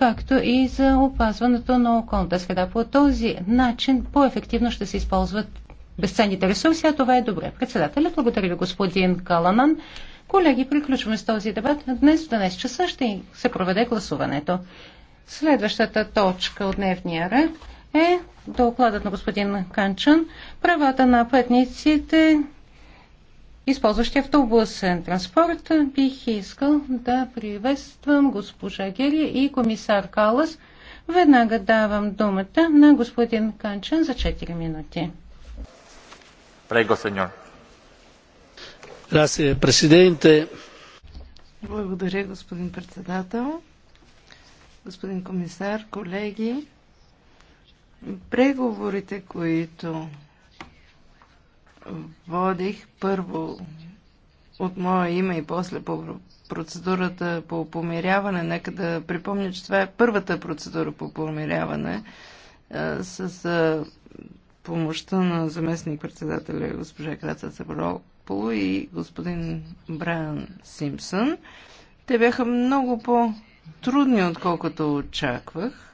както и за опазването на околната среда. По този начин по-ефективно ще се използват безценните ресурси, а това е добре. Председателят, благодаря ви, господин Каланан. Колеги, приключваме с този дебат. Днес в 12 часа ще се проведе гласуването. Следващата точка от дневния ред е докладът на господин Канчан. Правата на пътниците използващи автобусен транспорт, бих искал да приветствам госпожа Гери и комисар Калас. Веднага давам думата на господин Канчан за 4 минути. Прего, сеньор. Грасия, президенте. Благодаря, господин председател. Господин комисар, колеги, преговорите, които водих първо от мое име и после по процедурата по помиряване. Нека да припомня, че това е първата процедура по помиряване с помощта на заместник-председателя госпожа Краца Цаброполо и господин Брайан Симпсън. Те бяха много по-трудни, отколкото очаквах.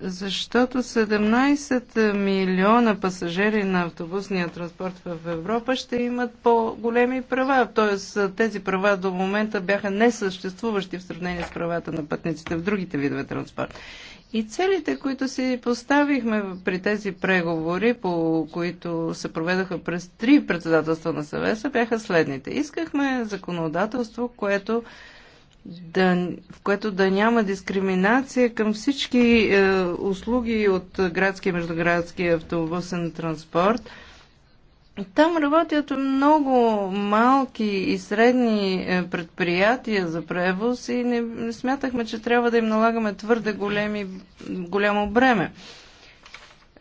Защото 17 милиона пасажери на автобусния транспорт в Европа ще имат по-големи права. Тоест тези права до момента бяха несъществуващи в сравнение с правата на пътниците в другите видове транспорт. И целите, които си поставихме при тези преговори, по които се проведаха през три председателства на съвеса, бяха следните. Искахме законодателство, което да, в което да няма дискриминация към всички е, услуги от градски и междуградски автобусен транспорт. Там работят много малки и средни е, предприятия за превоз и не, не смятахме, че трябва да им налагаме твърде големи, голямо бреме.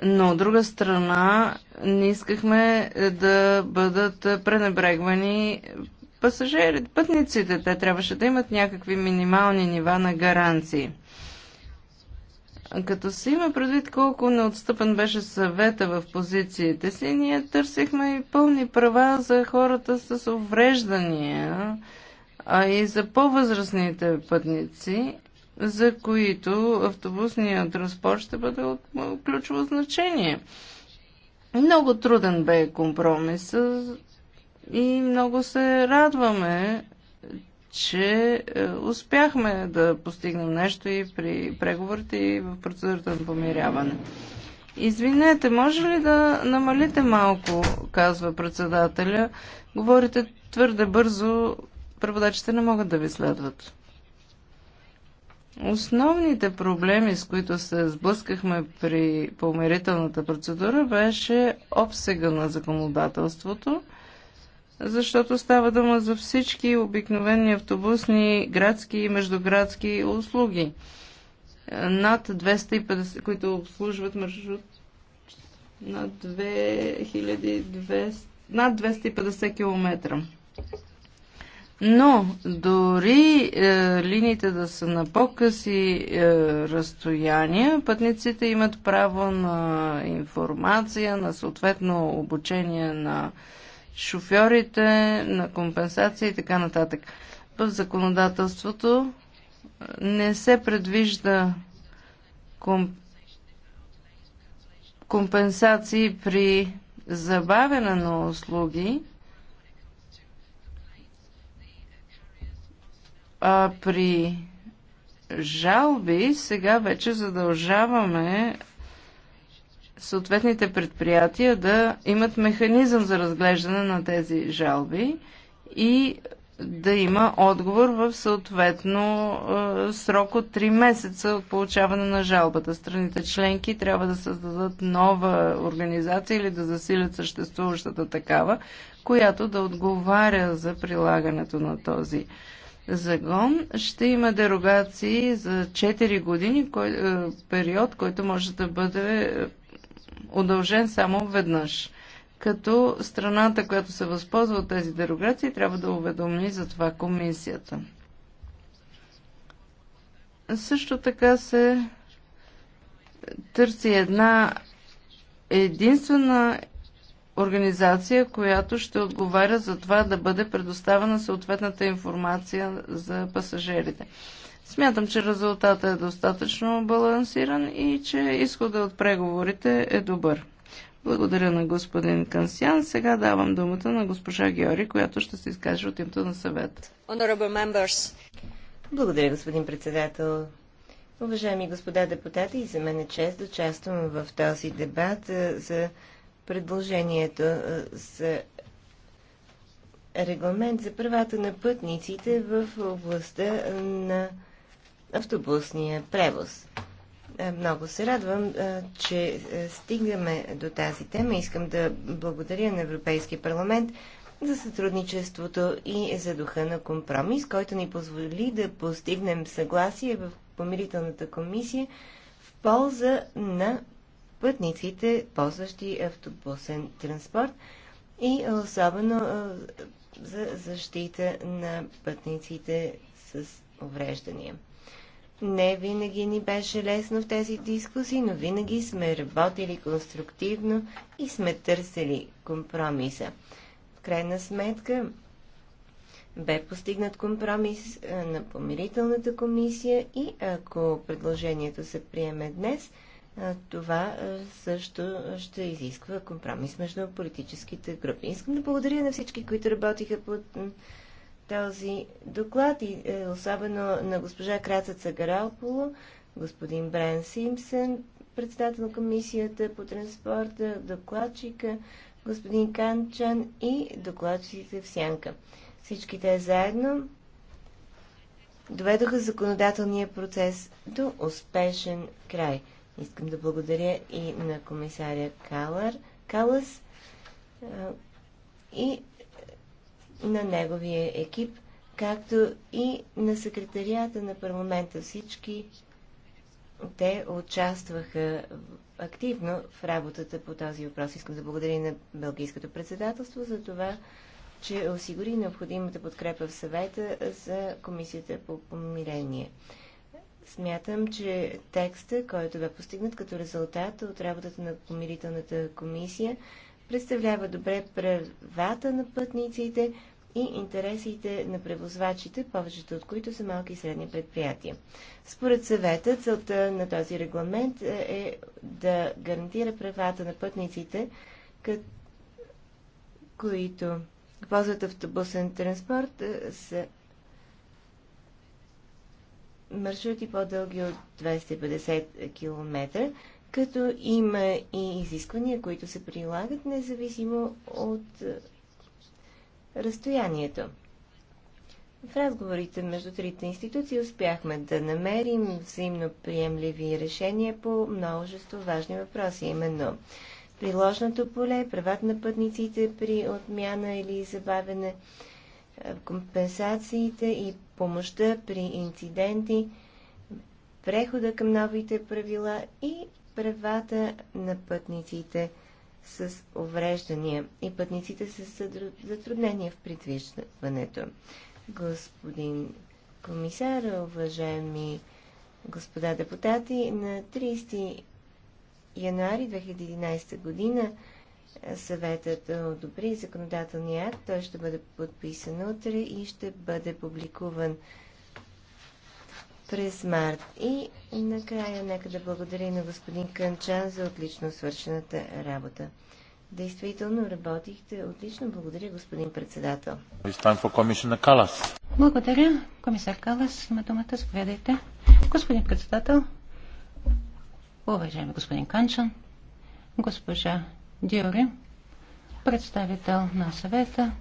Но от друга страна не искахме е, да бъдат пренебрегвани пасажирите, пътниците. Те трябваше да имат някакви минимални нива на гаранции. Като се има предвид колко неотстъпен беше съвета в позициите си, ние търсихме и пълни права за хората с увреждания, а и за по-възрастните пътници, за които автобусният транспорт ще бъде от ключово значение. Много труден бе компромис. И много се радваме, че е, успяхме да постигнем нещо и при преговорите и в процедурата на помиряване. Извинете, може ли да намалите малко, казва председателя. Говорите твърде бързо, преводачите не могат да ви следват. Основните проблеми, с които се сблъскахме при помирителната процедура, беше обсега на законодателството – защото става дума за всички обикновени автобусни, градски и междуградски услуги. Над 250, които обслужват маршрут на 2200, над 250 км. Но дори е, линиите да са на по-къси е, разстояния, пътниците имат право на информация, на съответно обучение на е, шофьорите, на компенсации и така нататък. В законодателството е, не се предвижда комп... компенсации при забавяне на услуги, а при жалби сега вече задължаваме съответните предприятия да имат механизъм за разглеждане на тези жалби и да има отговор в съответно е, срок от 3 месеца от получаване на жалбата. Страните членки трябва да създадат нова организация или да засилят съществуващата такава, която да отговаря за прилагането на този загон. Ще има дерогации за 4 години кой, е, период, който може да бъде удължен само веднъж. Като страната, която се възползва от тези дерогации, трябва да уведоми за това комисията. Също така се търси една единствена организация, която ще отговаря за това да бъде предоставена съответната информация за пасажирите. Смятам, че резултатът е достатъчно балансиран и че изхода от преговорите е добър. Благодаря на господин Кансян. Сега давам думата на госпожа Геори, която ще се изкаже от името на съвет. Благодаря, господин председател. Уважаеми господа депутати, и за мен е чест да участвам в този дебат е, за предложението е, за регламент за правата на пътниците в областта на автобусния превоз. Е, много се радвам, е, че е, стигаме до тази тема. Искам да благодаря на Европейския парламент за сътрудничеството и за духа на компромис, който ни позволи да постигнем съгласие в помирителната комисия в полза на пътниците, ползващи автобусен транспорт и особено за защита на пътниците с увреждания. Не винаги ни беше лесно в тези дискусии, но винаги сме работили конструктивно и сме търсили компромиса. В крайна сметка бе постигнат компромис на помирителната комисия и ако предложението се приеме днес, това също ще изисква компромис между политическите групи. Искам да благодаря на всички, които работиха под този доклад, и е, особено на госпожа Краца Гаралполо, господин Брайан Симпсън, председател на комисията по транспорта, докладчика, господин Канчан и докладчиците в Сянка. Всички те заедно доведоха законодателния процес до успешен край. Искам да благодаря и на комисаря Калър, Калас е, и на неговия екип, както и на секретарията на парламента. Всички те участваха активно в работата по този въпрос. Искам да благодаря на Белгийското председателство за това, че осигури необходимата подкрепа в съвета за Комисията по помирение. Смятам, че текста, който бе постигнат като резултат от работата на помирителната комисия, представлява добре правата на пътниците и интересите на превозвачите, повечето от които са малки и средни предприятия. Според съвета, целта на този регламент е, е да гарантира правата на пътниците, които ползват автобусен транспорт е, с маршрути по-дълги от 250 км, като има и изисквания, които се прилагат независимо от е, разстоянието. В разговорите между трите институции успяхме да намерим взаимно приемливи решения по множество важни въпроси, именно приложното поле, правата на пътниците при отмяна или забавене, е, компенсациите и помощта при инциденти, прехода към новите правила и правата на пътниците с увреждания и пътниците с затруднения в придвижването. Господин комисар, уважаеми господа депутати, на 30 януари 2011 година е, съветът одобри законодателния акт. Той ще бъде подписан утре и ще бъде публикуван през март. И накрая нека да благодаря на господин Кънчан за отлично свършената работа. Действително работихте отлично. Благодаря, господин председател. Благодаря. Комисар Калас, има думата. Заповядайте. Господин председател, уважаеми господин Канчан, госпожа Диори, представител на съвета,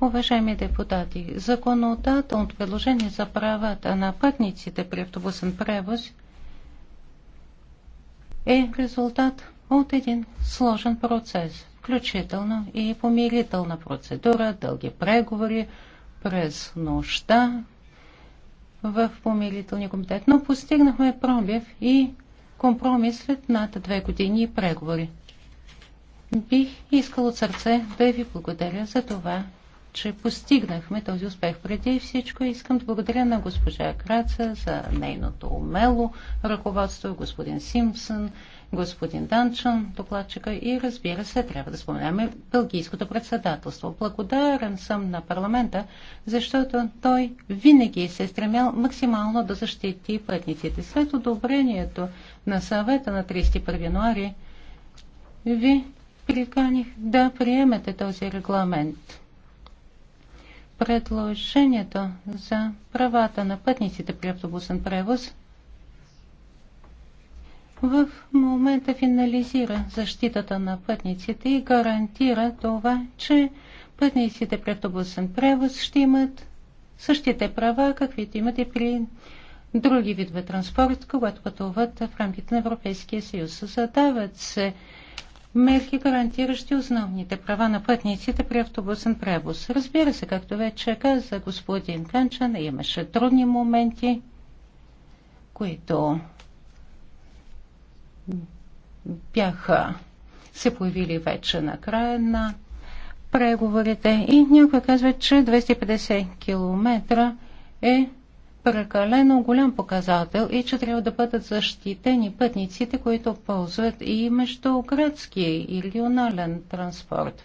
Уважаеми депутати, законодателното предложение за правата на пътниците при автобусен превоз е резултат от един сложен процес, включително и помирителна процедура, дълги преговори през нощта в помирителния комитет. Но постигнахме пробив и компромис след над две години преговори. Бих искал от сърце да ви благодаря за това, че постигнахме този успех. Преди всичко искам да благодаря на госпожа Краца за нейното умело ръководство, господин Симпсън, господин Данчан, докладчика и разбира се, трябва да споменаме Белгийското председателство. Благодарен съм на парламента, защото той винаги се е стремял максимално да защити пътниците. След одобрението на съвета на 31 януари ви приканих да приемете този регламент предложението за правата на пътниците при автобусен превоз в момента финализира защитата на пътниците и гарантира това, че пътниците при автобусен превоз ще имат същите права, каквито имат и при други видове транспорт, когато пътуват в рамките на Европейския съюз. Задават се мерки, гарантиращи основните права на пътниците при автобусен превоз. Разбира се, както вече каза господин Канчан, имаше трудни моменти, които бяха се появили вече на края на преговорите и някой казва, че 250 км е прекалено голям показател и че трябва да бъдат защитени пътниците, които ползват и междуградски и регионален транспорт.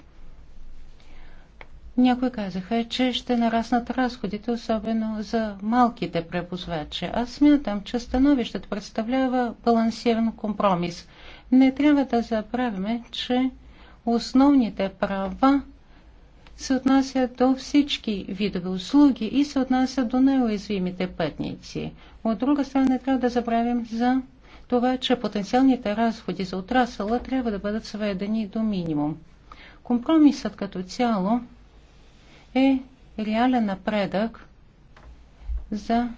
Някои казаха, че ще нараснат разходите, особено за малките превозвачи. Аз смятам, че становището представлява балансиран компромис. Не трябва да забравяме, че основните права се отнася до всички видове услуги и се отнася до неуязвимите пътници. От друга страна, не трябва да забравим за това, че потенциалните разходи за отрасъла трябва да бъдат сведени до минимум. Компромисът като цяло е реален напредък за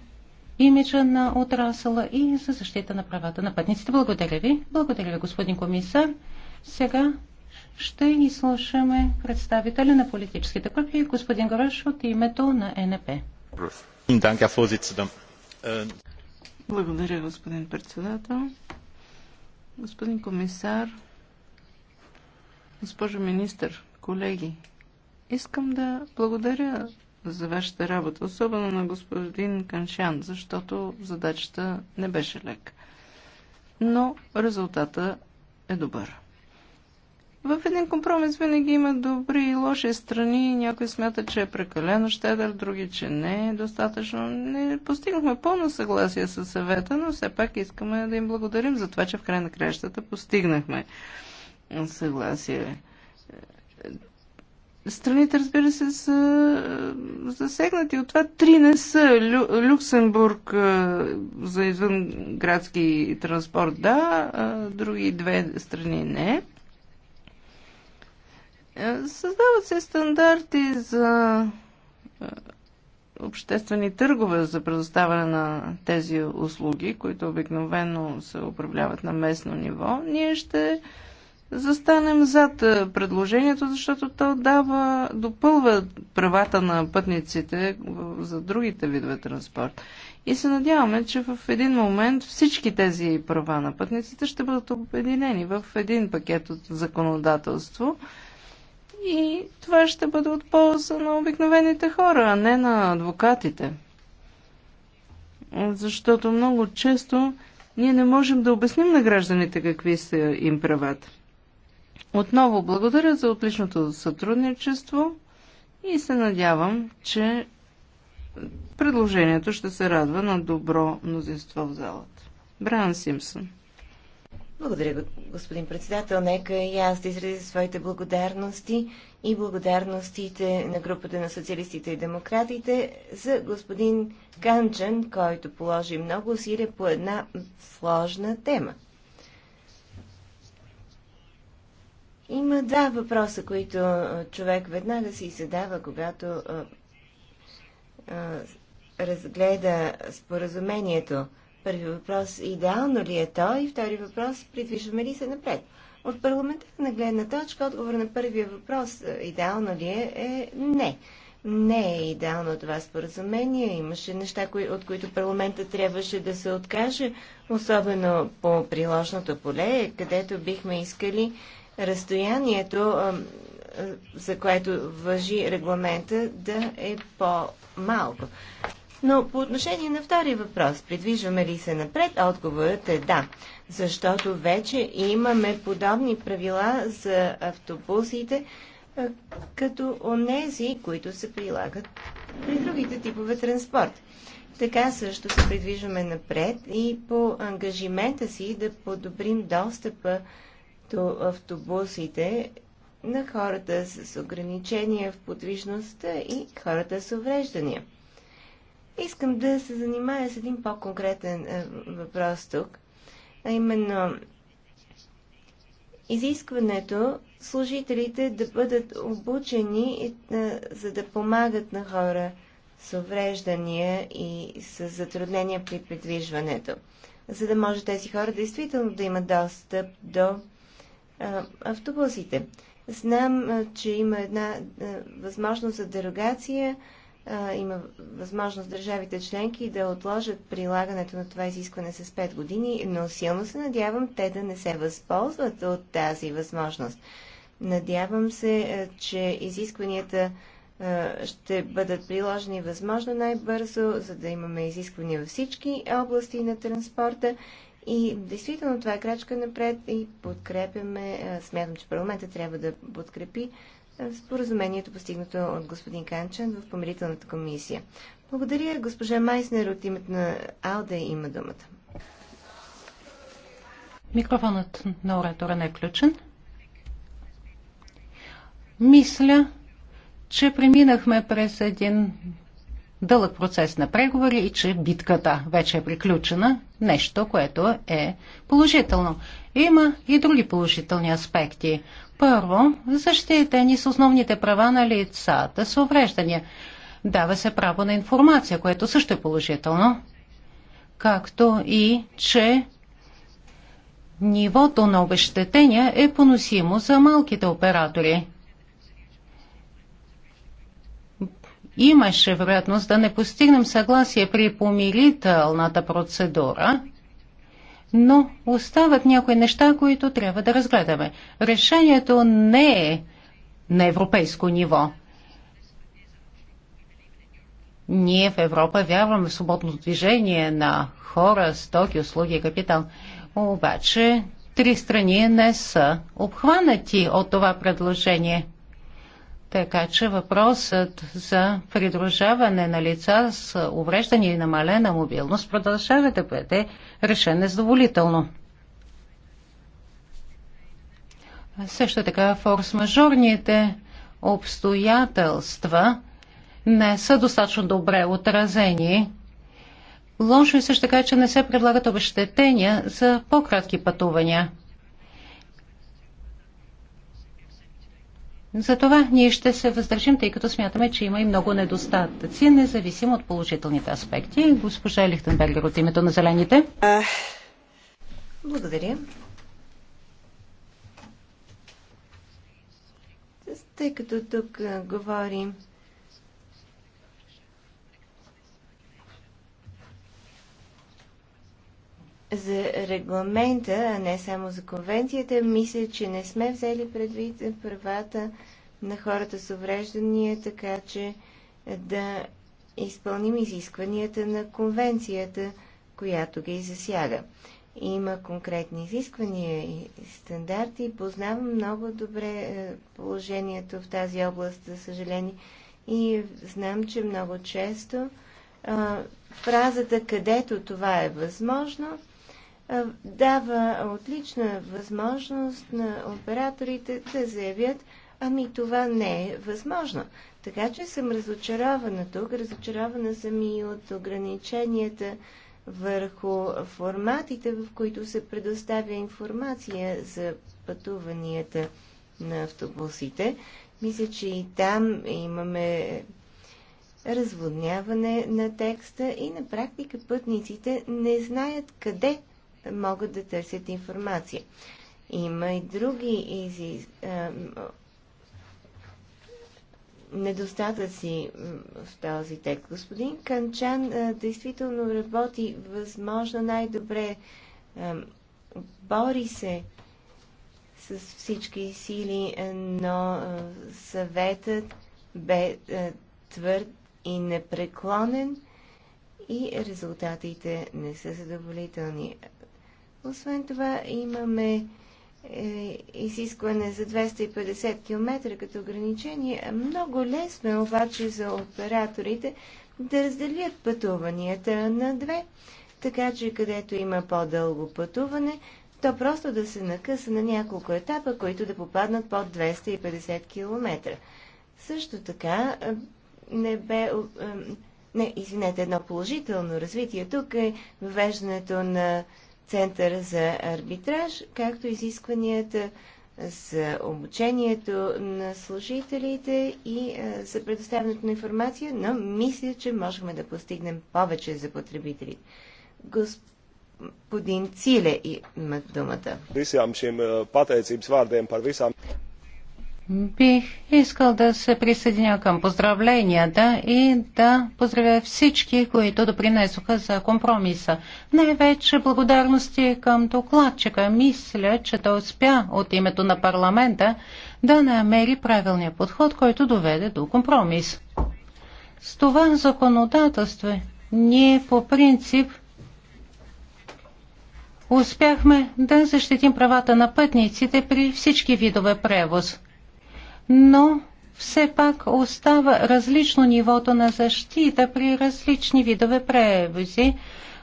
имиджа на отрасъла и за защита на правата на пътниците. Благодаря ви. Благодаря ви, господин комисар. Сега ще изслушаме представителя на политическите групи, господин Горош, от името на НП. Благодаря, господин председател. Господин комисар, госпожо министър, колеги, искам да благодаря за вашата работа, особено на господин Каншан, защото задачата не беше лека. Но резултата е добър. В един компромис винаги има добри и лоши страни. Някои смятат, че е прекалено щедър, други, че не е достатъчно. Не постигнахме пълно съгласие с съвета, но все пак искаме да им благодарим за това, че в край на краищата постигнахме съгласие. Страните, разбира се, са е, засегнати от това. Три не са. Лю, Люксембург е, за извънградски транспорт, да, е, други две страни не. Създават се стандарти за е, обществени търгове за предоставяне на тези услуги, които обикновено се управляват на местно ниво. Ние ще застанем зад е, предложението, защото то дава, допълва правата на пътниците е, за другите видове транспорт. И се надяваме, че в един момент всички тези права на пътниците ще бъдат обединени в един пакет от законодателство – и това ще бъде от полза на обикновените хора, а не на адвокатите. Защото много често ние не можем да обясним на гражданите какви са им правата. Отново благодаря за отличното сътрудничество и се надявам, че предложението ще се радва на добро мнозинство в залата. Бран Симпсон. Благодаря, господин председател. Нека и аз да изразя своите благодарности и благодарностите на групата на социалистите и демократите за господин Канчан, който положи много усилия по една сложна тема. Има два въпроса, които човек веднага си задава, когато а, а, разгледа споразумението Първи въпрос – идеално ли е той? Втори въпрос – придвижваме ли се напред? От парламентарна гледна точка отговор на първия въпрос е, – идеално ли е? е не. Не е идеално това споразумение. Имаше неща, кои, от които парламента трябваше да се откаже, особено по приложното поле, където бихме искали разстоянието, за което въжи регламента, да е по-малко. Но по отношение на втория въпрос, придвижваме ли се напред, отговорът е да, защото вече имаме подобни правила за автобусите, като онези, които се прилагат при другите типове транспорт. Така също се придвижваме напред и по ангажимента си да подобрим достъпа до автобусите на хората с ограничения в подвижността и хората с увреждания. Искам да се занимая с един по-конкретен е, въпрос тук, а именно изискването служителите да бъдат обучени, е, е, за да помагат на хора с увреждания и с затруднения при придвижването, за да може тези хора действително да имат достъп до автобусите. Знам, че има една възможност за дерогация а, има възможност държавите членки да отложат прилагането на това изискване с 5 години, но силно се надявам те да не се възползват от тази възможност. Надявам се, че изискванията ще бъдат приложени възможно най-бързо, за да имаме изисквания във всички области на транспорта. И действително това е крачка напред и подкрепяме, смятам, че парламента трябва да подкрепи споразумението постигнато от господин Канчен в помирителната комисия. Благодаря. Госпожа Майснер от името на Алде има думата. Микрофонът на оратора не е включен. Мисля, че преминахме през един дълъг процес на преговори и че битката вече е приключена, нещо, което е положително. Има и други положителни аспекти. Първо, защитени с основните права на лицата с увреждания. Дава се право на информация, което също е положително. Както и, че нивото на обещетения е поносимо за малките оператори. Имаше вероятност да не постигнем съгласие при помирителната процедура – но остават някои неща, които трябва да разгледаме. Решението не е на европейско ниво. Ние в Европа вярваме в свободно движение на хора, стоки, услуги и капитал. Обаче три страни не са обхванати от това предложение. Така че въпросът за придружаване на лица с увреждане и намалена мобилност продължава да бъде решен незадоволително. Също така форс-мажорните обстоятелства не са достатъчно добре отразени. Лошо е също така, че не се предлагат обещетения за по-кратки пътувания – Затова ние ще се въздържим, тъй като смятаме, че има и много недостатъци, независимо от положителните аспекти. Госпожа Лихтенбергер от името на Зелените. Благодаря. Тъй като тук говорим за регламента, а не само за конвенцията, мисля, че не сме взели предвид правата на хората с увреждания, така че да изпълним изискванията на конвенцията, която ги засяга. Има конкретни изисквания и стандарти. Познавам много добре е, положението в тази област, за съжаление, и знам, че много често фразата където това е възможно е, дава отлична възможност на операторите да заявят, ами това не е възможно. Така че съм разочарована тук, разочарована съм и от ограниченията върху форматите, в които се предоставя информация за пътуванията на автобусите. Мисля, че и там имаме разводняване на текста и на практика пътниците не знаят къде могат да търсят информация. Има и други изи, недостатъци в този текст. Господин Канчан действително работи възможно най-добре. бори се с всички сили, но съветът бе твърд и непреклонен и резултатите не са задоволителни. Освен това имаме е, изискване за 250 км като ограничение. Много лесно е обаче за операторите да разделят пътуванията на две, така че където има по-дълго пътуване, то просто да се накъса на няколко етапа, които да попаднат под 250 км. Също така е, не бе. Е, не, извинете, едно положително развитие тук е въвеждането на Центъра за арбитраж, както изискванията за обучението на служителите и е, за предоставянето на информация, но мисля, че можем да постигнем повече за потребителите. Господин Циле има думата. Бих искал да се присъединя към поздравленията и да поздравя всички, които допринесоха за компромиса. Най-вече благодарности към докладчика. Мисля, че той успя от името на парламента да намери правилния подход, който доведе до компромис. С това законодателство ние по принцип успяхме да защитим правата на пътниците при всички видове превоз – но все пак остава различно нивото на защита при различни видове превози.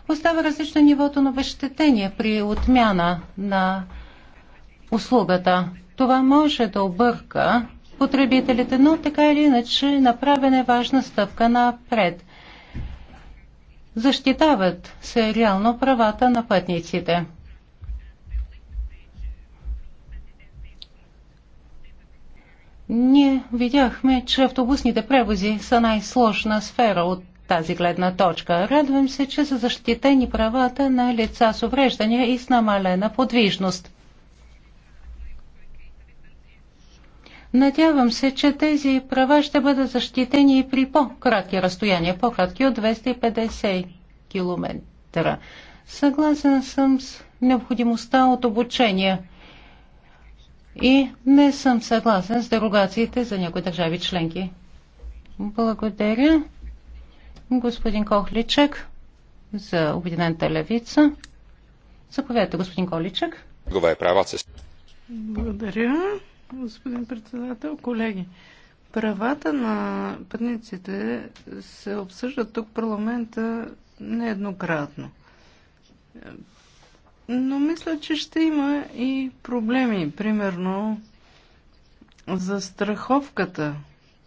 Остава различно нивото на обещетение при отмяна на услугата. Това може да обърка потребителите, но така или иначе направена е важна стъпка напред. Защитават се реално правата на пътниците. Ние видяхме, че автобусните превози са най-сложна сфера от тази гледна точка. Радвам се, че са защитени правата на лица с увреждания и с намалена подвижност. Надявам се, че тези права ще бъдат защитени и при по-кратки разстояния, по-кратки от 250 км. Съгласен съм с необходимостта от обучение – и не съм съгласен с дерогациите за някои държави членки. Благодаря. Господин Кохличек за Обединената левица. Заповядайте, господин Количек. Е Благодаря, господин председател, колеги. Правата на пътниците се обсъждат тук в парламента нееднократно. Но мисля, че ще има и проблеми. Примерно за страховката.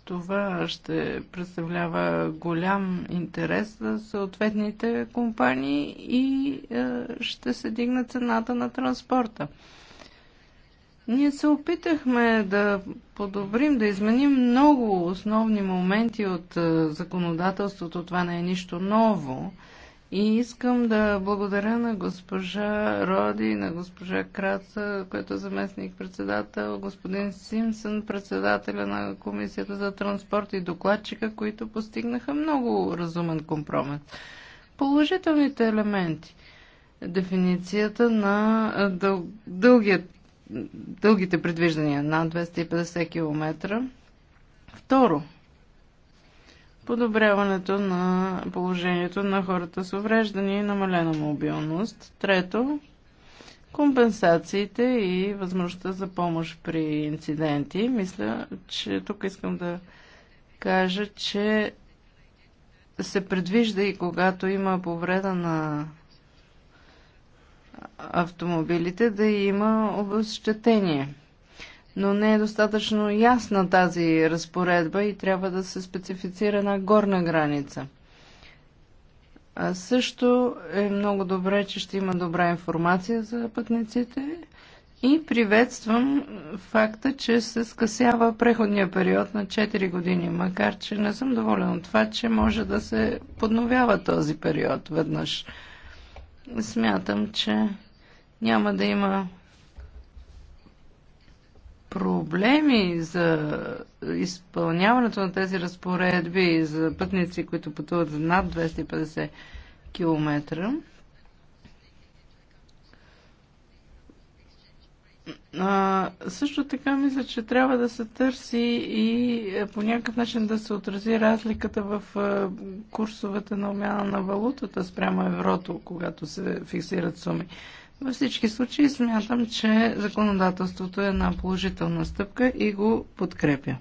Това ще представлява голям интерес за съответните компании и е, ще се дигне цената на транспорта. Ние се опитахме да подобрим, да изменим много основни моменти от е, законодателството. Това не е нищо ново. И искам да благодаря на госпожа Роди, на госпожа Краца, който е заместник председател, господин Симсън, председателя на Комисията за транспорт и докладчика, които постигнаха много разумен компромис. Положителните елементи. Дефиницията на дъл... дългият... дългите предвиждания на 250 км. Второ, подобряването на положението на хората с увреждания и намалена мобилност. Трето, компенсациите и възможността за помощ при инциденти. Мисля, че тук искам да кажа, че се предвижда и когато има повреда на автомобилите да има обещетение но не е достатъчно ясна тази разпоредба и трябва да се специфицира една горна граница. А също е много добре, че ще има добра информация за пътниците и приветствам факта, че се скъсява преходния период на 4 години, макар че не съм доволен от това, че може да се подновява този период веднъж. Смятам, че няма да има проблеми за изпълняването на тези разпоредби за пътници, които пътуват за над 250 км. А, също така мисля, че трябва да се търси и е, по някакъв начин да се отрази разликата в е, курсовете на обмяна на валутата спрямо еврото, когато се фиксират суми. Във всички случаи смятам, че законодателството е една положителна стъпка и го подкрепя.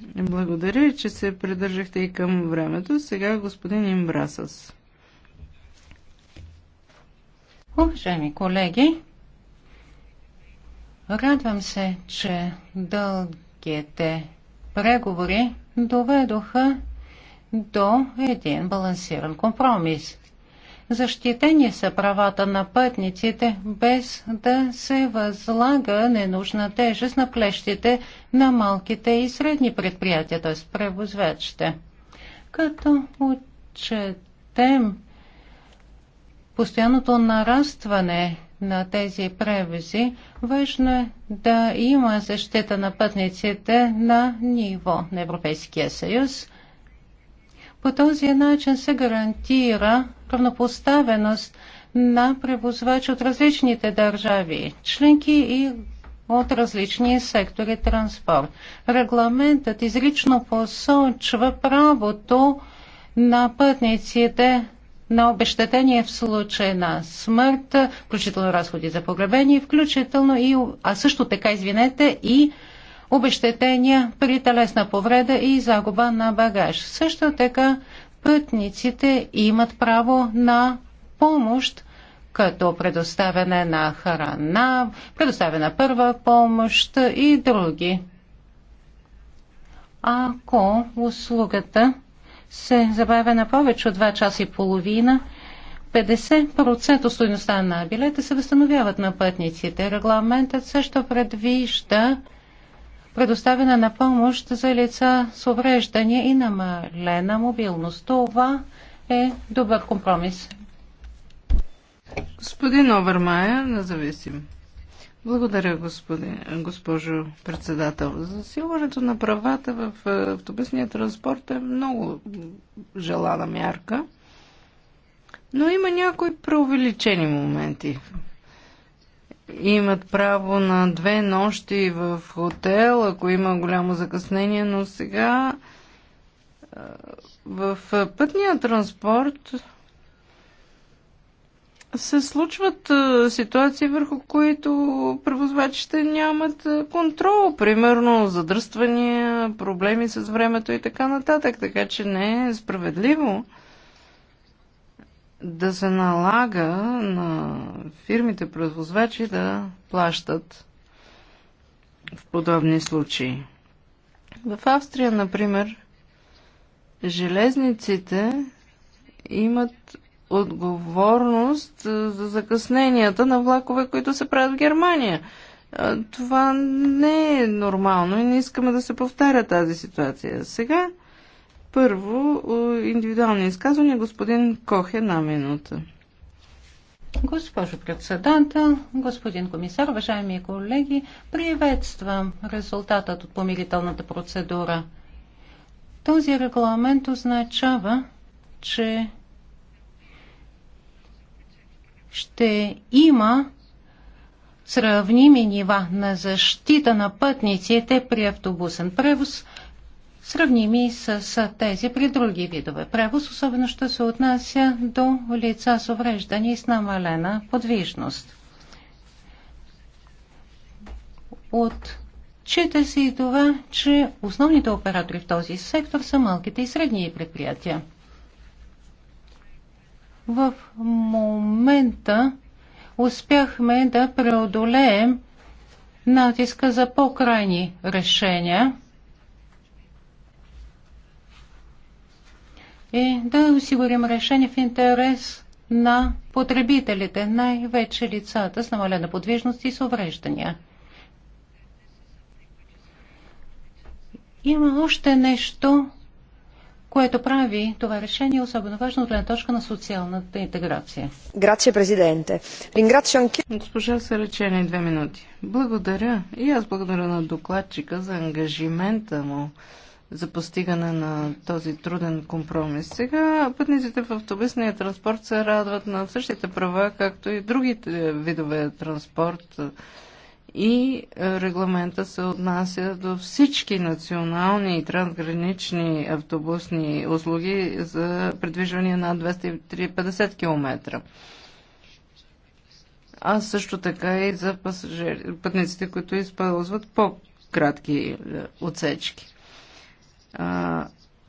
Благодаря, че се придържахте и към времето. Сега господин Имбрасас. Уважаеми колеги, радвам се, че дългите преговори доведоха до един балансиран компромис – Защитени са правата на пътниците, без да се възлага ненужна тежест на плещите на малките и средни предприятия, т.е. превозвачите. Като отчетем постоянното нарастване на тези превози, важно е да има защита на пътниците на ниво на Европейския съюз – по този начин се гарантира равнопоставеност на превозвачи от различните държави, членки и от различни сектори транспорт. Регламентът изрично посочва правото на пътниците на обещетение в случай на смърт, включително разходи за погребение, включително и, а също така, извинете, и обещетения при телесна повреда и загуба на багаж. Също така пътниците имат право на помощ, като предоставяне на храна, предоставяне първа помощ и други. Ако услугата се забавя на повече от 2 часа и половина, 50% от стоеността на билета се възстановяват на пътниците. Регламентът също предвижда предоставяне на помощ за лица с увреждания и намалена мобилност. Това е добър компромис. Господин Овермая, независим. Благодаря, господин, госпожо председател. Засилването на правата в е, автобусния транспорт е много желана мярка, но има някои преувеличени моменти имат право на две нощи в хотел, ако има голямо закъснение, но сега в пътния транспорт се случват ситуации, върху които превозвачите нямат контрол. Примерно задръствания, проблеми с времето и така нататък. Така че не е справедливо да се налага на фирмите превозвачи да плащат в подобни случаи. В Австрия, например, железниците имат отговорност за закъсненията на влакове, които се правят в Германия. Това не е нормално и не искаме да се повтаря тази ситуация. Сега първо, индивидуални изказвания. Господин Кох, една минута. Госпожо председател, господин комисар, уважаеми колеги, приветствам резултатът от помирителната процедура. Този регламент означава, че ще има сравними нива на защита на пътниците при автобусен превоз – сравними с тези при други видове превоз, особено що се отнася до лица с увреждани и с намалена подвижност. От Чита се и това, че основните оператори в този сектор са малките и средни предприятия. В момента успяхме да преодолеем натиска за по-крайни решения и да осигурим решение в интерес на потребителите, най-вече лицата с намалена подвижност и с увреждания. Има още нещо, което прави това решение особено важно от гледна точка на социалната интеграция. Грация, президенте. Ринграция Госпожа на две минути. Благодаря. И аз благодаря на докладчика за ангажимента му за постигане на този труден компромис. Сега пътниците в автобусния транспорт се радват на същите права, както и другите видове транспорт. И е, регламента се отнася до всички национални и трансгранични автобусни услуги за предвижване над 250 км а също така и за пътниците, които използват по-кратки е, отсечки.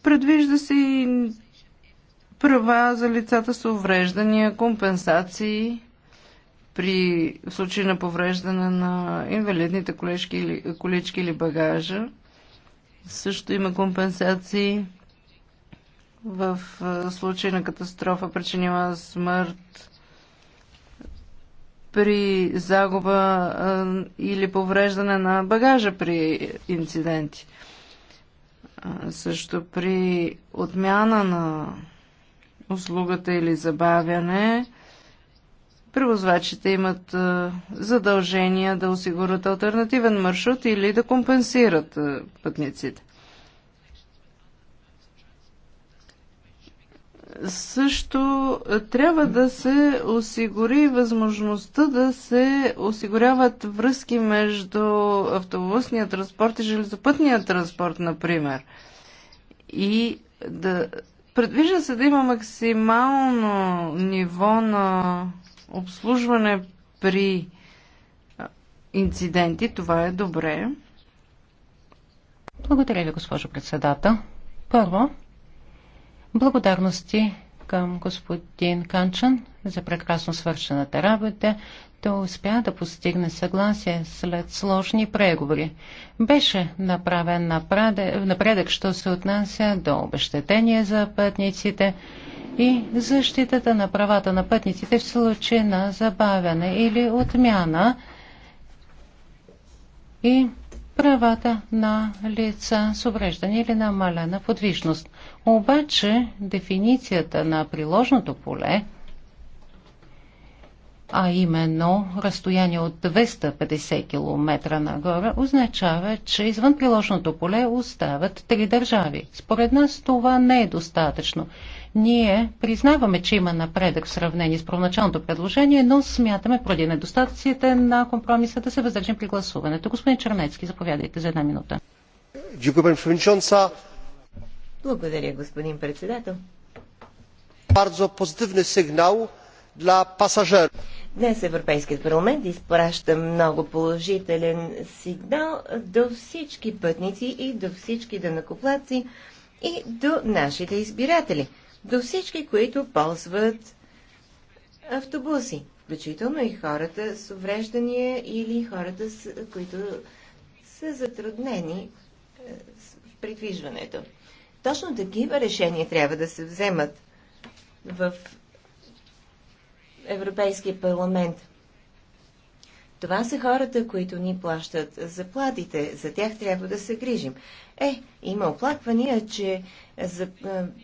Предвижда се и права за лицата с увреждания, компенсации при случай на повреждане на инвалидните колечки или, колички или багажа. Също има компенсации в случай на катастрофа, причинила смърт, при загуба или повреждане на багажа при инциденти. Също при отмяна на услугата или забавяне, превозвачите имат задължения да осигурят альтернативен маршрут или да компенсират пътниците. също е, трябва да се осигури възможността да се осигуряват връзки между автобусния транспорт и железопътния транспорт, например. И да предвижда се да има максимално ниво на обслужване при инциденти. Това е добре. Благодаря ви, госпожо председател. Първо, Благодарности към господин Канчан за прекрасно свършената работа. Той успя да постигне съгласие след сложни преговори. Беше направен напредък, напредък що се отнася до обещетение за пътниците и защитата на правата на пътниците в случай на забавяне или отмяна. И правата на лица с увреждане или малена подвижност. Обаче дефиницията на приложното поле, а именно разстояние от 250 км нагоре, означава, че извън приложното поле остават три държави. Според нас това не е достатъчно. Ние признаваме, че има напредък в сравнение с първоначалното предложение, но смятаме, поради недостатъците на компромиса, да се въздържим при гласуването. Господин Чернецки, заповядайте за една минута. Благодаря, господин председател. Бързо позитивен сигнал для pasażerów. Днес Европейският парламент изпраща много положителен сигнал до всички пътници и до всички данакоплаци и до нашите избиратели до всички, които ползват автобуси, включително и хората с увреждания или хората, с, които са затруднени в е, придвижването. Точно такива решения трябва да се вземат в Европейския парламент. Това са хората, които ни плащат заплатите. За тях трябва да се грижим. Е, има оплаквания, че за,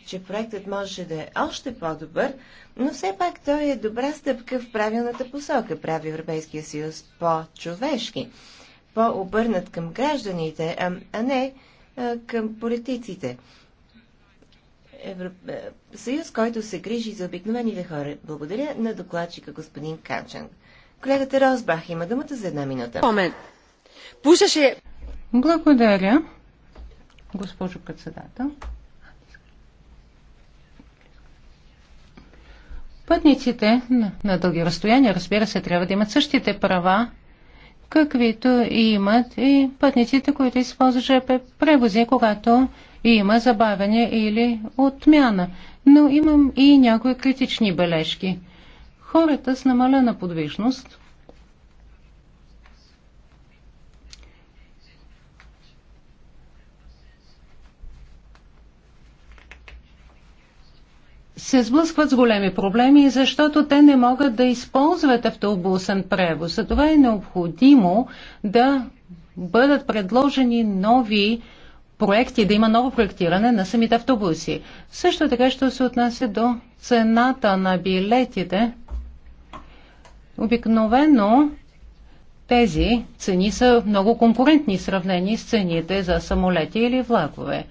че проектът можеше да е още по-добър, но все пак той е добра стъпка в правилната посока. Прави Европейския съюз по-човешки, по-обърнат към гражданите, а, а не а, към политиците. Евро... Съюз, който се грижи за обикновените хора. Благодаря на докладчика господин Канчан. Колегата Розбах има думата за една минута. Момент. Пушаше. Благодаря, госпожо председател. Пътниците на дълги разстояния, разбира се, трябва да имат същите права, каквито и имат и пътниците, които използват ЖП превози, когато има забавяне или отмяна. Но имам и някои критични бележки. Хората с намалена подвижност се сблъскват с големи проблеми, защото те не могат да използват автобусен превоз. За това е необходимо да бъдат предложени нови проекти, да има ново проектиране на самите автобуси. Също така, що се отнася до цената на билетите, обикновено тези цени са много конкурентни в сравнение с цените за самолети или влакове.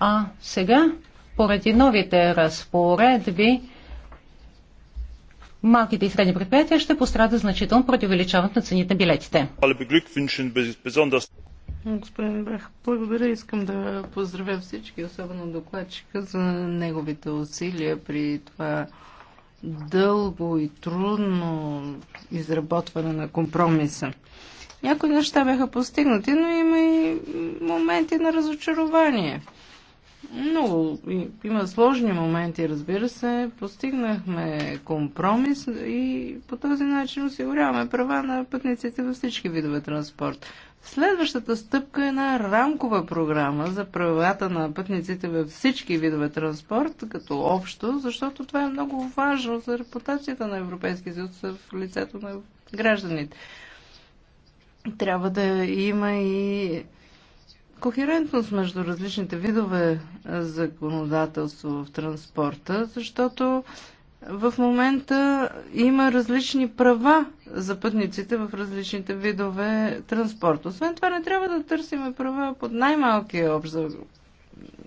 А сега поради новите разпоредби малките и средни предприятия ще пострадат значително поради увеличаването на цените на билетите. Господин Брах, благодаря. Искам да поздравя всички, особено докладчика, за неговите усилия при това дълго и трудно изработване на компромиса. Някои неща бяха постигнати, но има и моменти на разочарование. Много има сложни моменти, разбира се. Постигнахме компромис и по този начин осигуряваме права на пътниците във всички видове транспорт. Следващата стъпка е на рамкова програма за правата на пътниците във всички видове транспорт, като общо, защото това е много важно за репутацията на Европейския съюз в лицето на гражданите. Трябва да има и кохерентност между различните видове е, законодателство в транспорта, защото в момента има различни права за пътниците в различните видове транспорт. Освен това не трябва да търсиме права под най-малкия общ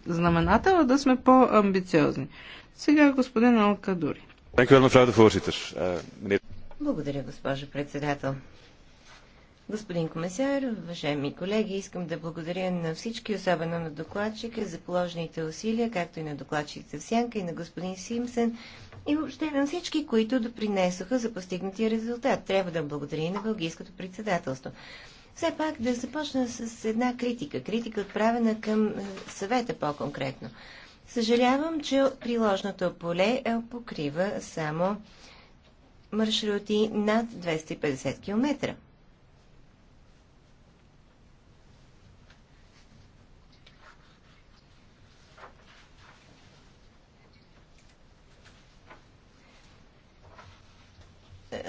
знаменател, а да сме по-амбициозни. Сега господин Алкадури. Eh, Благодаря, госпожо председател. Господин комисар, уважаеми колеги, искам да благодаря на всички, особено на докладчика, за положените усилия, както и на докладчиците в Сянка и на господин Симсен и въобще на всички, които допринесоха за постигнатия резултат. Трябва да благодаря и на Бългийското председателство. Все пак да започна с една критика. Критика отправена към е, съвета по-конкретно. Съжалявам, че приложното поле е, покрива само маршрути над 250 км.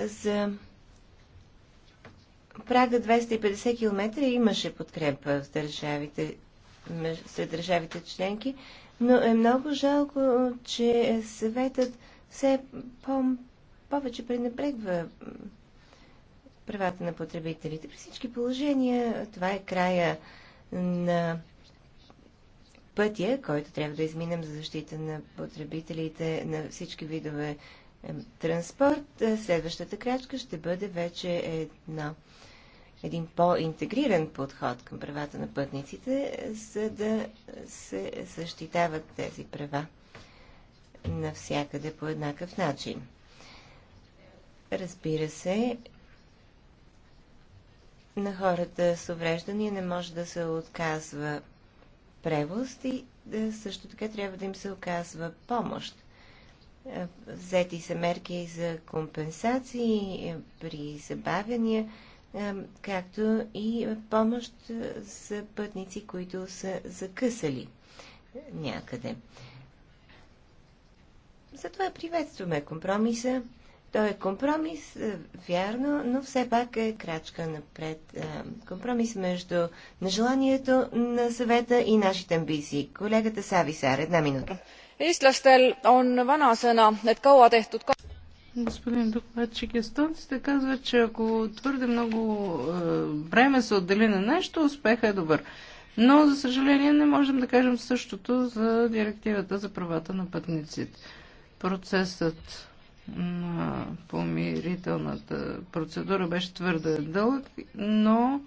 за прага 250 км имаше подкрепа в държавите, сред държавите членки, но е много жалко, че съветът все по- повече пренебрегва правата на потребителите. При всички положения това е края на пътя, който трябва да изминем за защита на потребителите на всички видове е, транспорт, е, следващата крачка ще бъде вече една, един по-интегриран подход към правата на пътниците, за да се защитават тези права навсякъде по еднакъв начин. Разбира се, на хората с увреждания не може да се отказва превоз и да също така трябва да им се оказва помощ. Взети са мерки за компенсации е, при забавяния, е, както и помощ за пътници, които са закъсали някъде. Затова приветстваме компромиса. Той е компромис, е, вярно, но все пак е крачка напред. Компромис между нежеланието на съвета и нашите амбиции. Колегата Сависар, една минута eestlastel on vanasõna et kaua tehtud ka- Господин докладчик, естонците казват, че ако твърде много е, време се отдели на нещо, успехът е добър. Но, за съжаление, не можем да кажем същото за директивата за правата на пътниците. Процесът на помирителната процедура беше твърде дълъг, но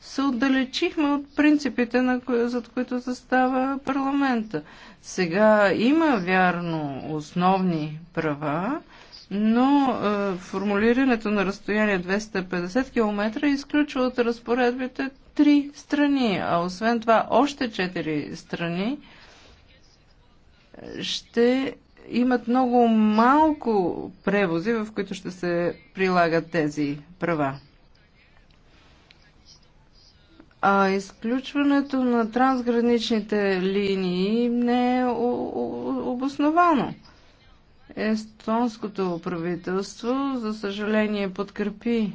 се отдалечихме от принципите, на кои, зад които застава парламента. Сега има вярно основни права, но е, формулирането на разстояние 250 км изключва от разпоредбите три страни, а освен това още четири страни ще имат много малко превози, в които ще се прилагат тези права. А изключването на трансграничните линии не е обосновано. Естонското правителство, за съжаление, подкрепи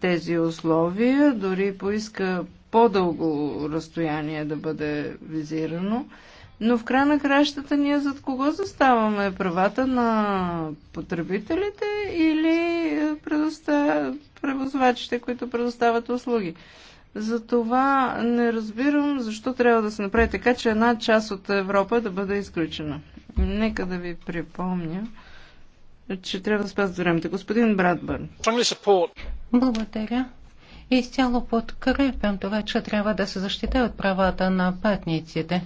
тези условия, дори поиска по-дълго разстояние да бъде визирано. Но в края на кращата ние зад кого заставаме? Правата на потребителите или превозвачите, които предоставят услуги? Затова не разбирам защо трябва да се направи така, че една част от Европа да бъде изключена. Нека да ви припомня, че трябва да спазвате времето. Господин Брадбърн. Благодаря. Изцяло подкрепям това, че трябва да се защитават правата на пътниците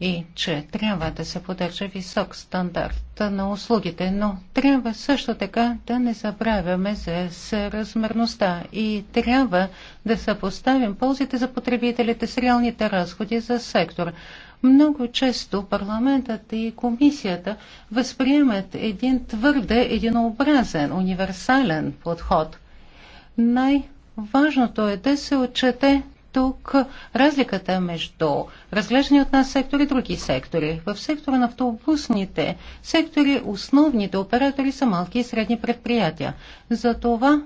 и че трябва да се поддържа висок стандарт на услугите, но трябва също така да не забравяме за съразмерността и трябва да съпоставим ползите за потребителите с реалните разходи за сектор. Много често парламентът и комисията възприемат един твърде единообразен, универсален подход. Най- Важното е да се отчете тук разликата между разглеждани от нас сектори и други сектори. В сектора на автобусните сектори основните оператори са малки и средни предприятия. Затова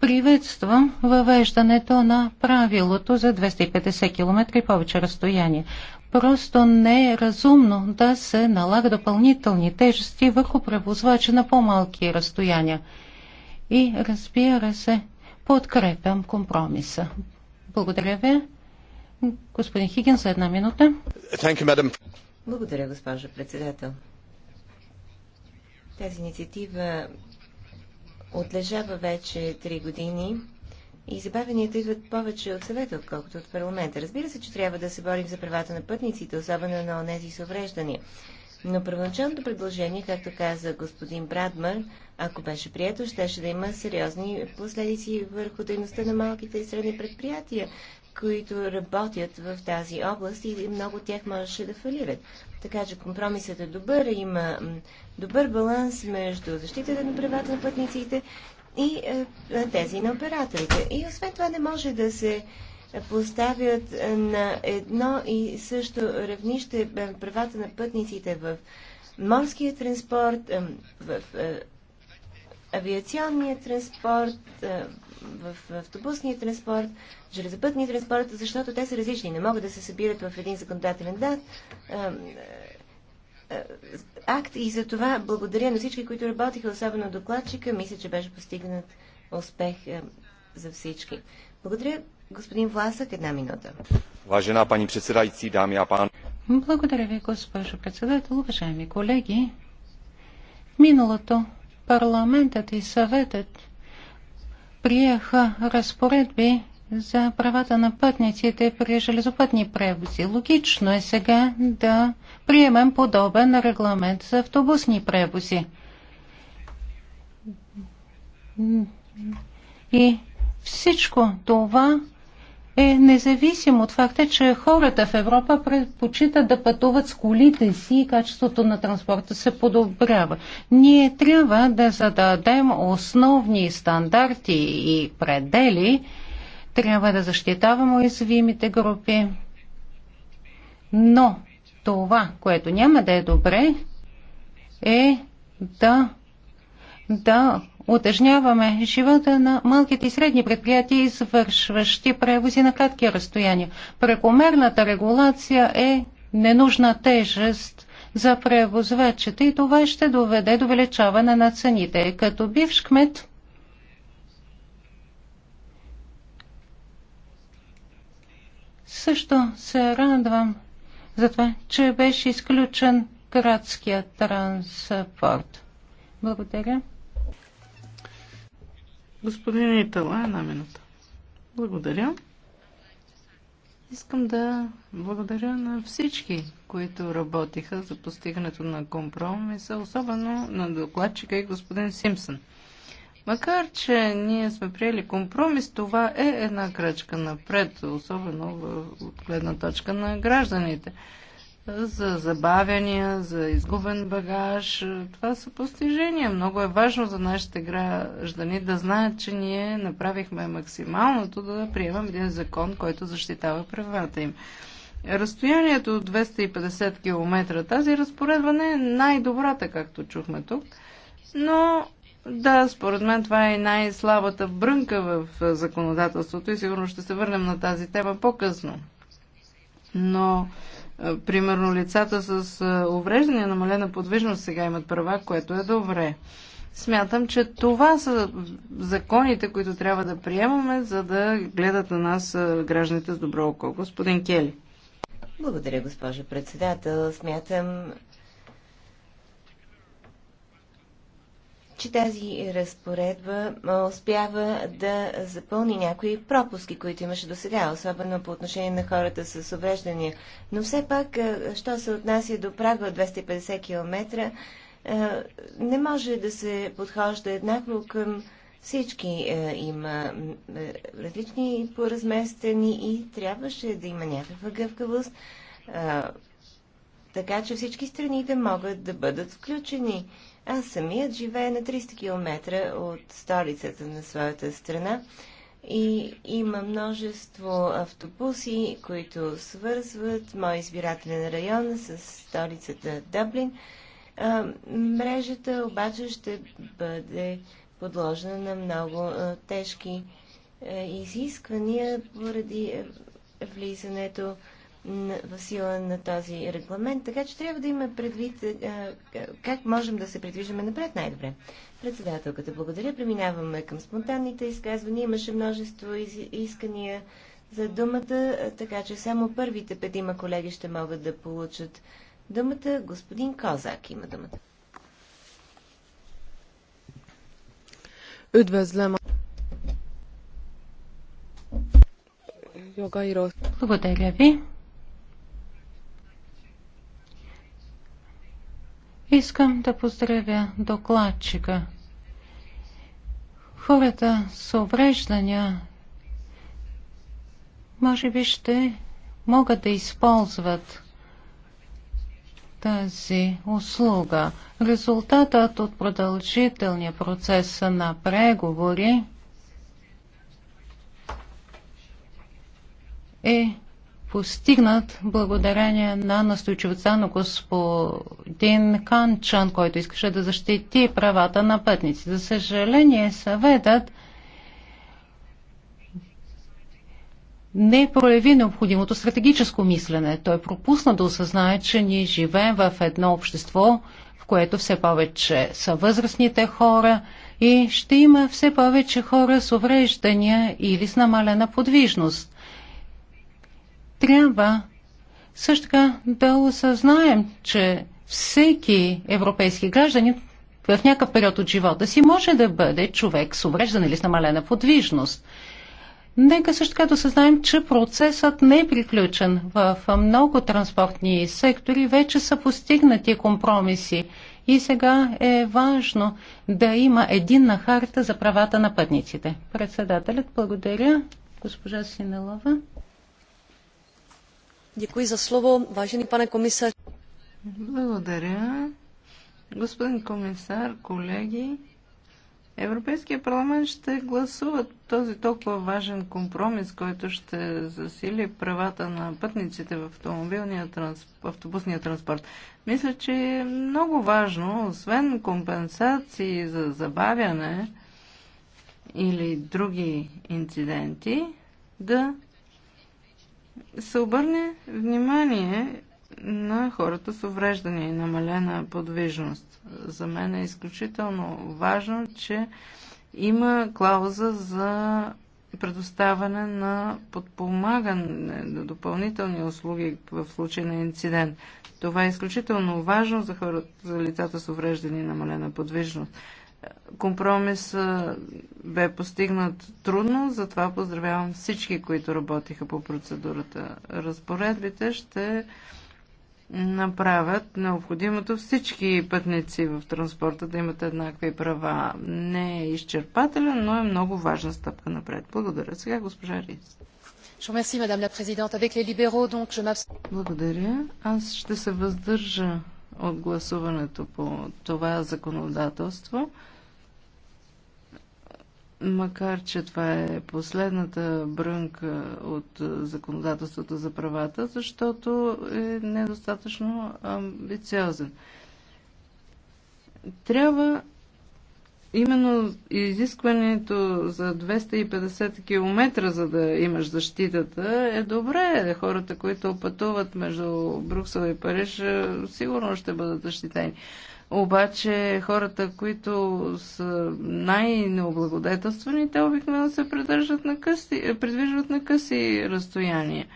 приветствам въвеждането на правилото за 250 км и повече разстояние. Просто не е разумно да се налага допълнителни тежести върху превозвача на по-малки разстояния. И разбира се, подкрепям компромиса. Благодаря ви. Господин Хигин, за една минута. Благодаря, госпожа председател. Тази инициатива отлежава вече три години и забавенията идват повече от съвета, отколкото от парламента. Разбира се, че трябва да се борим за правата на пътниците, особено на онези съвреждания. Но първоначалното предложение, както каза господин Брадман, ако беше прието, щеше да има сериозни последици върху дейността на малките и средни предприятия, които работят в тази област и много от тях можеше да фалират. Така че компромисът е добър, има добър баланс между защитата на правата на пътниците и е, тези на операторите. И освен това не може да се поставят е, на едно и също равнище е, правата на пътниците в морския транспорт, е, в авиационния транспорт, в автобусния транспорт, железопътния транспорт, защото те са различни. Не могат да се събират в един законодателен дат, акт и за това благодаря на всички, които работиха, особено докладчика. Мисля, че беше постигнат успех за всички. Благодаря. Господин Власък, една минута. Важена пани председайци, дами и пан. Благодаря ви, госпожо председател. Уважаеми колеги, миналото парламентът и съветът приеха разпоредби за правата на пътниците при железопътни превози. Логично е сега да приемем подобен регламент за автобусни превози. И всичко това е независим от факта, че хората в Европа предпочитат да пътуват с колите си и качеството на транспорта се подобрява. Ние трябва да зададем основни стандарти и предели, трябва да защитаваме уязвимите групи, но това, което няма да е добре, е да, да утежняваме живота на малките и средни предприятия, извършващи превози на кратки разстояния. Прекомерната регулация е ненужна тежест за превозвачите и това ще доведе до увеличаване на цените. Като бивш кмет, също се радвам за това, че беше изключен градския транспорт. Благодаря. Господин Итала, една минута. Благодаря. Искам да благодаря на всички, които работиха за постигането на компромиса, особено на докладчика и господин Симпсън. Макар, че ние сме приели компромис, това е една крачка напред, особено от гледна точка на гражданите за забавяния, за изгубен багаж. Това са постижения. Много е важно за нашите граждани да знаят, че ние направихме максималното да приемам един закон, който защитава правата им. Разстоянието от 250 км, тази разпоредба не е най-добрата, както чухме тук, но да, според мен това е най-слабата брънка в законодателството и сигурно ще се върнем на тази тема по-късно. Но е, примерно лицата с е, увреждане, намалена подвижност сега имат права, което е добре. Смятам, че това са законите, които трябва да приемаме, за да гледат на нас е, гражданите с добро око. Господин Кели. Благодаря, госпожо председател. Смятам, че тази разпоредба успява да запълни някои пропуски, които имаше до сега, особено по отношение на хората с увреждания. Но все пак, що се отнася до прага от 250 км, не може да се подхожда еднакво към всички. Има различни поразместени страни и трябваше да има някаква гъвкавост, така че всички страни да могат да бъдат включени аз самият живея на 300 км от столицата на своята страна и има множество автобуси, които свързват мой избирателен район с столицата Дъблин. А, мрежата обаче ще бъде подложена на много а, тежки а, е, изисквания поради е, влизането в сила на този регламент, така че трябва да има предвид е, е, как можем да се придвижваме напред най-добре. Председателката, благодаря. Преминаваме към спонтанните изказвания. Имаше множество из искания за думата, е, така че само първите петима колеги ще могат да получат думата. Господин Козак има думата. Üdvözlöm Благодаря ви. Искам да поздравя докладчика. Хората с увреждания може би ще могат да използват тази услуга. Резултатът от продължителния процес на преговори е постигнат благодарение на настойчивостта на господин Канчан, който искаше да защити правата на пътници. За съжаление, съветът не прояви необходимото стратегическо мислене. Той пропусна да осъзнае, че ние живеем в едно общество, в което все повече са възрастните хора и ще има все повече хора с увреждания или с намалена подвижност. Трябва също така да осъзнаем, че всеки европейски гражданин в някакъв период от живота си може да бъде човек с увреждане или с намалена подвижност. Нека също така да осъзнаем, че процесът не е приключен. В много транспортни сектори вече са постигнати компромиси и сега е важно да има единна харта за правата на пътниците. Председателят, благодаря. Госпожа Синелова. Děkuji за slovo, vážený pane комисař. Благодаря. Господин комисар, колеги, Европейския парламент ще гласува този толкова важен компромис, който ще засили правата на пътниците в автомобилния транс... автобусния транспорт. Мисля, че е много важно, освен компенсации за забавяне или други инциденти, да се обърне внимание на хората с увреждане и намалена подвижност. За мен е изключително важно, че има клауза за предоставяне на подпомагане на допълнителни услуги в случай на инцидент. Това е изключително важно за хората, за лицата с увреждане и намалена подвижност. Компромис бе постигнат трудно, затова поздравявам всички, които работиха по процедурата. Разпоредбите ще направят необходимото всички пътници в транспорта да имат еднакви права. Не е изчерпателен, но е много важна стъпка напред. Благодаря. Сега госпожа Рис. Благодаря. Аз ще се въздържа от гласуването по това законодателство. Макар, че това е последната брънка от законодателството за правата, защото е недостатъчно амбициозен. Трябва именно изискването за 250 км, за да имаш защитата, е добре. Хората, които пътуват между Бруксел и Париж, сигурно ще бъдат защитени. Обаче хората, които са най-необлагодетелствани, те обикновено се придържат на къси, придвижват на къси разстояния.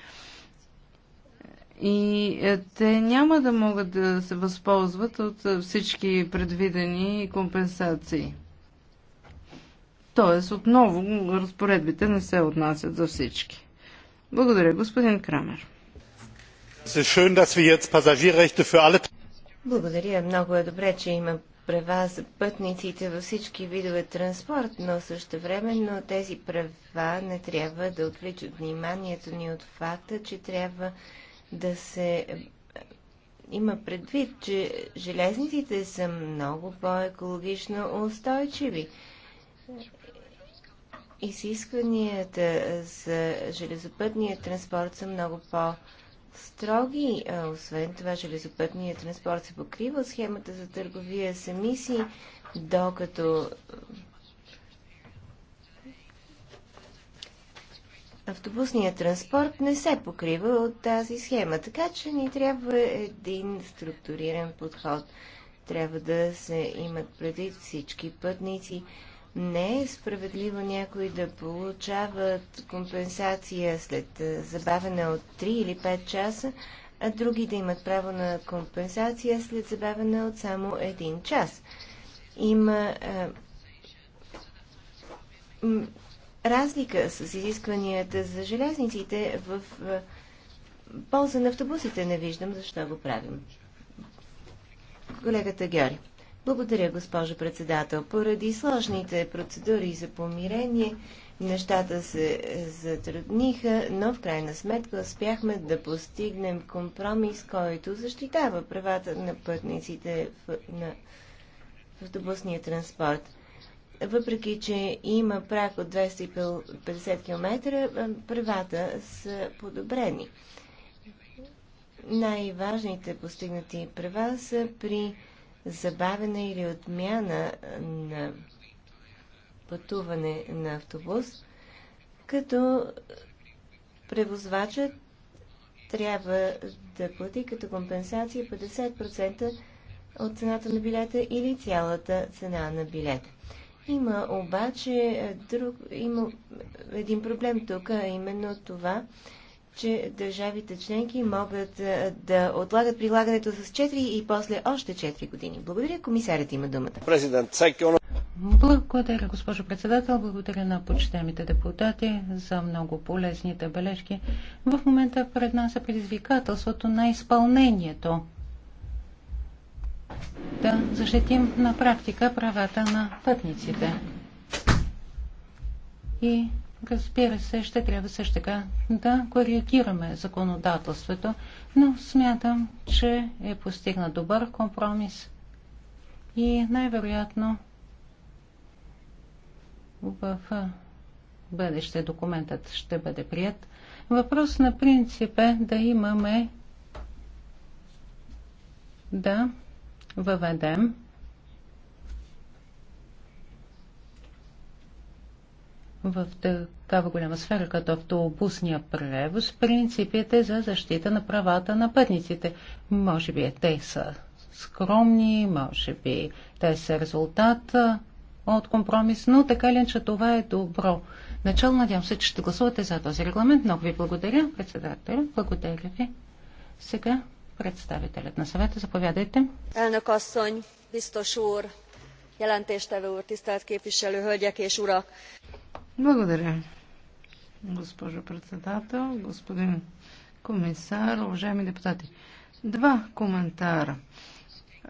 И е, те няма да могат да се възползват от е, всички предвидени компенсации. Тоест, отново разпоредбите не се отнасят за всички. Благодаря, господин Крамер. Es ist schön, dass wir jetzt Passagierrechte für alle благодаря. Много е добре, че има права за пътниците във всички видове транспорт, но също времено тези права не трябва да отвличат вниманието ни от факта, че трябва да се има предвид, че железниците са много по-екологично устойчиви. Изискванията за железопътния транспорт са много по-екологично строги. Освен това, железопътният транспорт се покрива схемата за търговия с емисии, докато автобусният транспорт не се покрива от тази схема. Така че ни трябва един структуриран подход. Трябва да се имат преди всички пътници не е справедливо някои да получават компенсация след забавена от 3 или 5 часа, а други да имат право на компенсация след забавена от само 1 час. Има а, разлика с изискванията за железниците в а, полза на автобусите. Не виждам защо го правим. Колегата Георги. Благодаря, госпожо председател. Поради сложните процедури за помирение, нещата се затрудниха, но в крайна сметка успяхме да постигнем компромис, който защитава правата на пътниците в, на, в автобусния транспорт. Въпреки, че има прак от 250 км, правата са подобрени. Най-важните постигнати права са при Забавена или отмяна на пътуване на автобус, като превозвачът трябва да плати като компенсация 50% от цената на билета или цялата цена на билета. Има обаче друг, има един проблем тук, а именно това, че държавите членки могат да отлагат прилагането с 4 и после още 4 години. Благодаря, комисарят има думата. Президент, благодаря, госпожо председател. Благодаря на почитаемите депутати за много полезните бележки. В момента пред нас е предизвикателството на изпълнението. Да защитим на практика правата на пътниците. И Разбира се, ще трябва също така да коригираме законодателството, но смятам, че е постигнат добър компромис и най-вероятно в бъдеще документът ще бъде прият. Въпрос на принцип е да имаме да въведем в такава голяма сфера, като автобусния превоз, принципите за защита на правата на пътниците. Може би те са скромни, може би те са резултат от компромис, но така ли, че това е добро. Начало надявам се, че ще гласувате за този регламент. Много ви благодаря, председателя. Благодаря ви. Сега представителят на съвета, заповядайте. Елнök asszony, biztos úr, jelentéstevő úr, tisztelt képviselő, hölgyek és urak! Благодаря, госпожо председател, господин комисар, уважаеми депутати. Два коментара.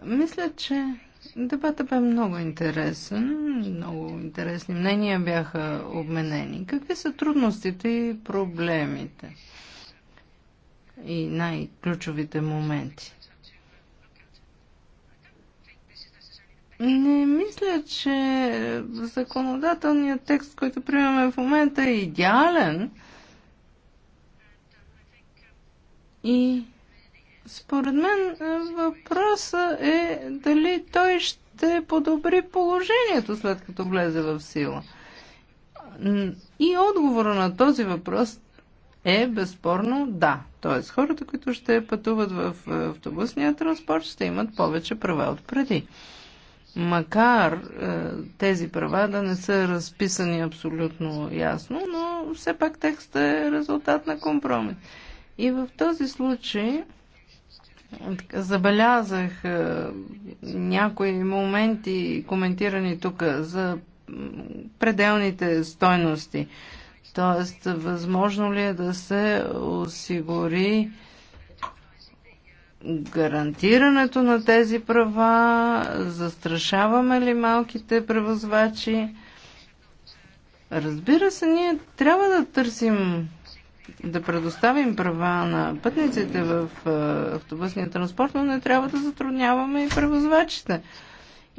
Мисля, че дебата бе много интересен. Много интересни мнения бяха обменени. Какви са трудностите и проблемите? И най-ключовите моменти. Не мисля, че законодателният текст, който приемаме в момента е идеален. И според мен е, въпросът е дали той ще подобри положението след като влезе в сила. И отговора на този въпрос е безспорно да. Тоест хората, които ще пътуват в е, автобусния транспорт, ще имат повече права от преди макар е, тези права да не са разписани абсолютно ясно, но все пак текстът е резултат на компромис. И в този случай е, забелязах е, някои моменти, коментирани тук за пределните стойности. Тоест, възможно ли е да се осигури гарантирането на тези права, застрашаваме ли малките превозвачи. Разбира се, ние трябва да търсим да предоставим права на пътниците в автобусния транспорт, но не трябва да затрудняваме и превозвачите.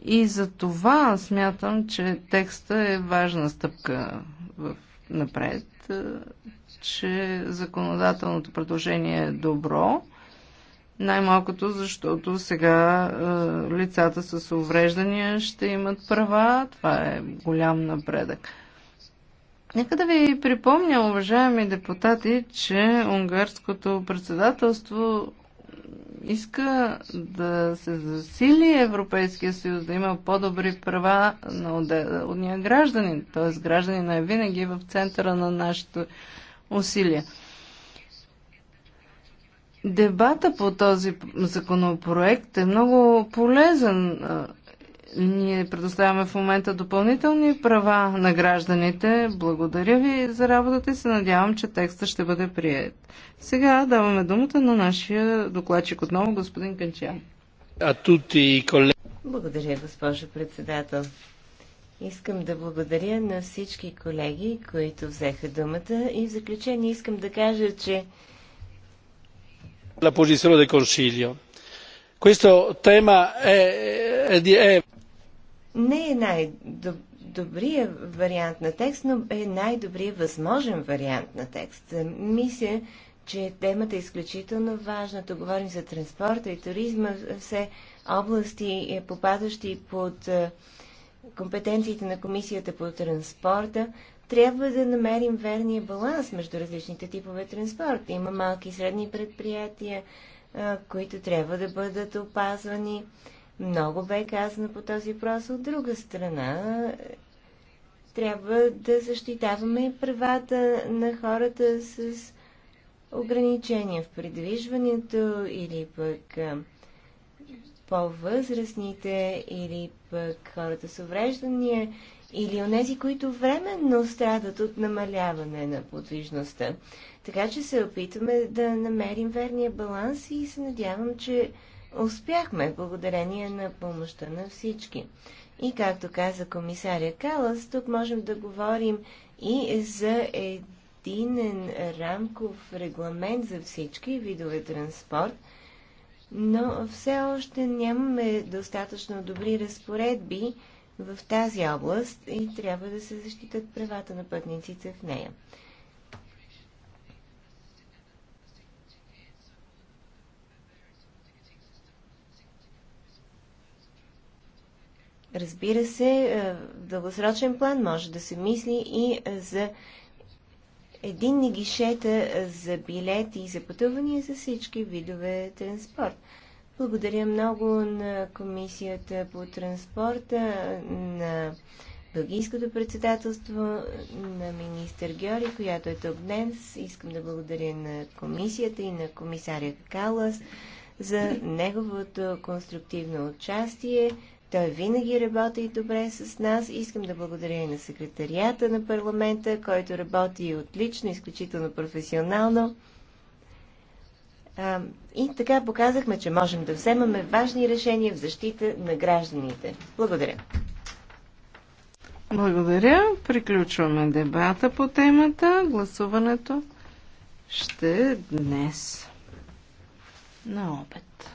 И за това смятам, че текста е важна стъпка в напред, че законодателното предложение е добро най-малкото, защото сега е, лицата с увреждания ще имат права. Това е голям напредък. Нека да ви припомня, уважаеми депутати, че унгарското председателство иска да се засили Европейския съюз, да има по-добри права на отния гражданин. Т.е. гражданина е винаги в центъра на нашите усилия. Дебата по този законопроект е много полезен. Ние предоставяме в момента допълнителни права на гражданите. Благодаря ви за работата и се надявам, че текста ще бъде прият. Сега даваме думата на нашия докладчик отново, господин Канчан. А тут и колег... Благодаря, госпожо председател. Искам да благодаря на всички колеги, които взеха думата и в заключение искам да кажа, че la posizione del Consiglio. Questo tema е... Не е най-добрият вариант на текст, но е най-добрият възможен вариант на текст. Мисля, че темата е изключително важна. Тук говорим за транспорта и туризма, все области, е, попадащи под е, компетенциите на Комисията по транспорта трябва да намерим верния баланс между различните типове транспорт. Има малки и средни предприятия, които трябва да бъдат опазвани. Много бе казано по този въпрос. От друга страна, трябва да защитаваме правата на хората с ограничения в придвижването или пък по-възрастните или пък хората с увреждания или онези, които временно страдат от намаляване на подвижността. Така че се опитваме да намерим верния баланс и се надявам, че успяхме благодарение на помощта на всички. И както каза комисаря Калас, тук можем да говорим и за единен рамков регламент за всички видове транспорт, но все още нямаме достатъчно добри разпоредби, в тази област и трябва да се защитат правата на пътниците в нея. Разбира се, е, в дългосрочен план може да се мисли и е, за единни гишета е, за билети и за пътувания за всички видове транспорт. Благодаря много на Комисията по транспорта, на Бългийското председателство, на министър Георги, която е тук днес. Искам да благодаря на Комисията и на комисаря Калас за неговото конструктивно участие. Той винаги работи добре с нас. Искам да благодаря и на секретарията на парламента, който работи отлично, изключително професионално. И така показахме, че можем да вземаме важни решения в защита на гражданите. Благодаря. Благодаря. Приключваме дебата по темата. Гласуването ще е днес на обед.